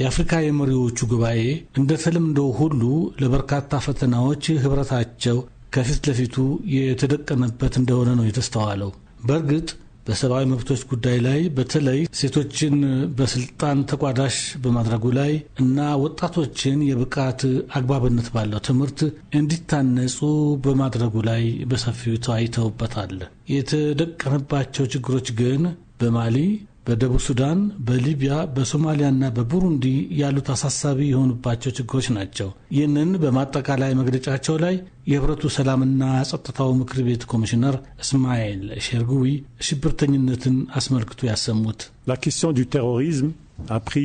የአፍሪካ የመሪዎቹ ጉባኤ እንደ ተለምዶው ሁሉ ለበርካታ ፈተናዎች ህብረታቸው ከፊት ለፊቱ የተደቀነበት እንደሆነ ነው የተስተዋለው። በእርግጥ በሰብአዊ መብቶች ጉዳይ ላይ በተለይ ሴቶችን በስልጣን ተቋዳሽ በማድረጉ ላይ እና ወጣቶችን የብቃት አግባብነት ባለው ትምህርት እንዲታነጹ በማድረጉ ላይ በሰፊው ተዋይተውበታል። የተደቀነባቸው ችግሮች ግን በማሊ በደቡብ ሱዳን፣ በሊቢያ፣ በሶማሊያና በቡሩንዲ ያሉት አሳሳቢ የሆኑባቸው ችግሮች ናቸው። ይህንን በማጠቃላይ መግለጫቸው ላይ የህብረቱ ሰላምና ጸጥታው ምክር ቤት ኮሚሽነር እስማኤል ሼርጉዊ ሽብርተኝነትን አስመልክቶ ያሰሙት ላ ኬስቲዮን ዱ ቴሮሪዝም አፕሪ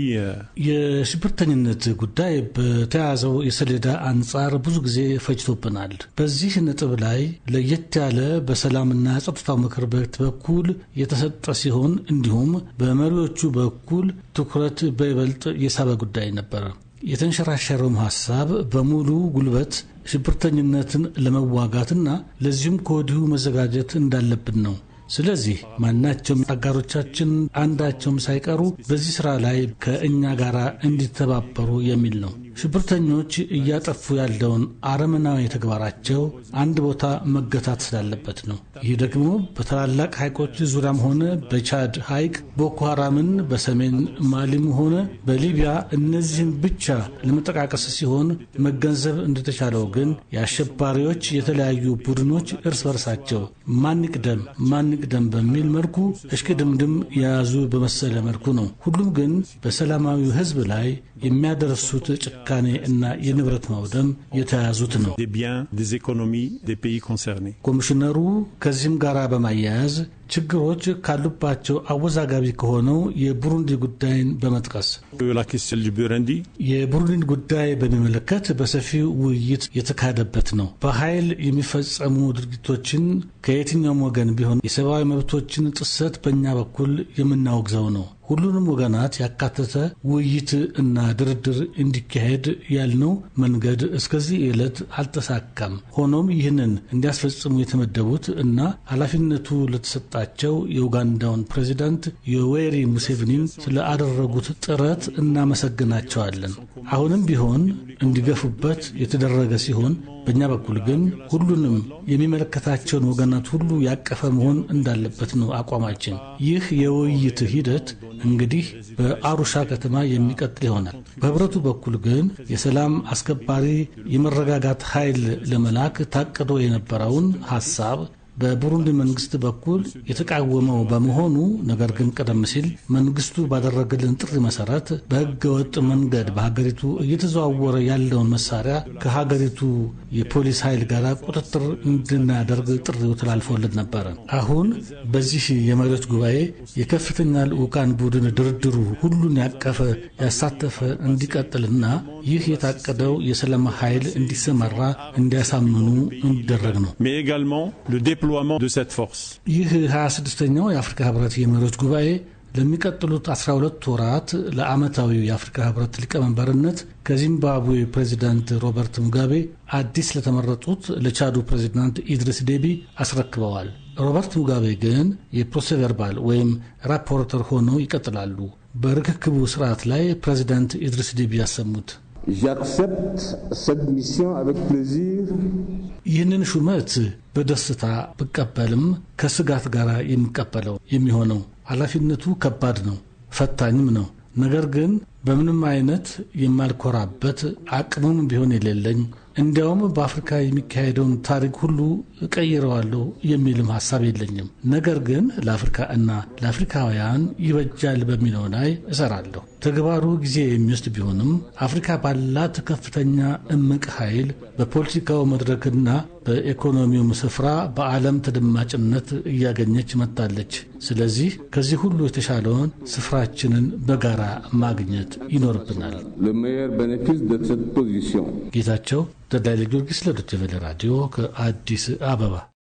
የሽብርተኝነት ጉዳይ በተያያዘው የሰሌዳ አንጻር ብዙ ጊዜ ፈጅቶብናል። በዚህ ነጥብ ላይ ለየት ያለ በሰላምና ጸጥታው ምክር ቤት በኩል የተሰጠ ሲሆን እንዲሁም በመሪዎቹ በኩል ትኩረት በይበልጥ የሳበ ጉዳይ ነበር። የተንሸራሸረውም ሀሳብ በሙሉ ጉልበት ሽብርተኝነትን ለመዋጋትና ለዚሁም ከወዲሁ መዘጋጀት እንዳለብን ነው። ስለዚህ ማናቸውም አጋሮቻችን አንዳቸውም ሳይቀሩ በዚህ ስራ ላይ ከእኛ ጋር እንዲተባበሩ የሚል ነው። ሽብርተኞች እያጠፉ ያለውን አረመናዊ ተግባራቸው አንድ ቦታ መገታት ስላለበት ነው። ይህ ደግሞ በታላላቅ ሐይቆች ዙሪያም ሆነ በቻድ ሐይቅ ቦኮ ሐራምን በሰሜን ማሊም ሆነ በሊቢያ እነዚህን ብቻ ለመጠቃቀስ ሲሆን መገንዘብ እንደተቻለው ግን የአሸባሪዎች የተለያዩ ቡድኖች እርስ በርሳቸው ማንቅደም ማንቅደም በሚል መልኩ እሽቅድምድም የያዙ በመሰለ መልኩ ነው። ሁሉም ግን በሰላማዊ ሕዝብ ላይ የሚያደርሱት ጭ ጭካኔ እና የንብረት ማውደም የተያዙት ነው። ኮሚሽነሩ ከዚህም ጋር በማያያዝ ችግሮች ካሉባቸው አወዛጋቢ ከሆነው የቡሩንዲ ጉዳይን በመጥቀስ የቡሩንዲን ጉዳይ በሚመለከት በሰፊው ውይይት የተካሄደበት ነው። በኃይል የሚፈጸሙ ድርጊቶችን ከየትኛውም ወገን ቢሆን የሰብአዊ መብቶችን ጥሰት በእኛ በኩል የምናወግዘው ነው። ሁሉንም ወገናት ያካተተ ውይይት እና ድርድር እንዲካሄድ ያልነው መንገድ እስከዚህ ዕለት አልተሳካም። ሆኖም ይህንን እንዲያስፈጽሙ የተመደቡት እና ኃላፊነቱ ለተሰጣቸው የኡጋንዳውን ፕሬዚዳንት ዮዌሪ ሙሴቪኒን ስለአደረጉት ጥረት እናመሰግናቸዋለን። አሁንም ቢሆን እንዲገፉበት የተደረገ ሲሆን በእኛ በኩል ግን ሁሉንም የሚመለከታቸውን ወገናት ሁሉ ያቀፈ መሆን እንዳለበት ነው አቋማችን። ይህ የውይይት ሂደት እንግዲህ በአሩሻ ከተማ የሚቀጥል ይሆናል። በህብረቱ በኩል ግን የሰላም አስከባሪ የመረጋጋት ኃይል ለመላክ ታቅዶ የነበረውን ሀሳብ በቡሩንዲ መንግስት በኩል የተቃወመው በመሆኑ ነገር ግን ቀደም ሲል መንግስቱ ባደረገልን ጥሪ መሰረት በህገ ወጥ መንገድ በሀገሪቱ እየተዘዋወረ ያለውን መሳሪያ ከሀገሪቱ የፖሊስ ኃይል ጋር ቁጥጥር እንድናደርግ ጥሪው ተላልፎልን ነበረ። አሁን በዚህ የመሪዎች ጉባኤ የከፍተኛ ልዑካን ቡድን ድርድሩ ሁሉን ያቀፈ ያሳተፈ እንዲቀጥልና ይህ የታቀደው የሰላም ኃይል እንዲሰማራ እንዲያሳምኑ እንዲደረግ ነው። déploiement de cette force። ይህ 26ኛው የአፍሪካ ህብረት የመሪዎች ጉባኤ ለሚቀጥሉት 12 ወራት ለዓመታዊው የአፍሪካ ህብረት ሊቀመንበርነት ከዚምባብዌ ፕሬዚዳንት ሮበርት ሙጋቤ አዲስ ለተመረጡት ለቻዱ ፕሬዚዳንት ኢድሪስ ዴቢ አስረክበዋል። ሮበርት ሙጋቤ ግን የፕሮሴ ቨርባል ወይም ራፖርተር ሆነው ይቀጥላሉ። በርክክቡ ስርዓት ላይ ፕሬዚዳንት ኢድሪስ ዴቢ ያሰሙት j'accepte cette mission avec plaisir ይህንን ሹመት በደስታ ብቀበልም ከስጋት ጋር የሚቀበለው የሚሆነው ኃላፊነቱ ከባድ ነው ፈታኝም ነው ነገር ግን በምንም አይነት የማልኮራበት አቅምም ቢሆን የሌለኝ እንዲያውም በአፍሪካ የሚካሄደውን ታሪክ ሁሉ እቀይረዋለሁ የሚልም ሀሳብ የለኝም። ነገር ግን ለአፍሪካ እና ለአፍሪካውያን ይበጃል በሚለው ላይ እሰራለሁ። ተግባሩ ጊዜ የሚወስድ ቢሆንም አፍሪካ ባላት ከፍተኛ እምቅ ኃይል በፖለቲካው መድረክና በኢኮኖሚውም ስፍራ በዓለም ተደማጭነት እያገኘች መጥታለች። ስለዚህ ከዚህ ሁሉ የተሻለውን ስፍራችንን በጋራ ማግኘት ይኖርብናል። ጌታቸው ተድላይ ጊዮርጊስ ለዶይቼ ቬለ ራዲዮ ከአዲስ አበባ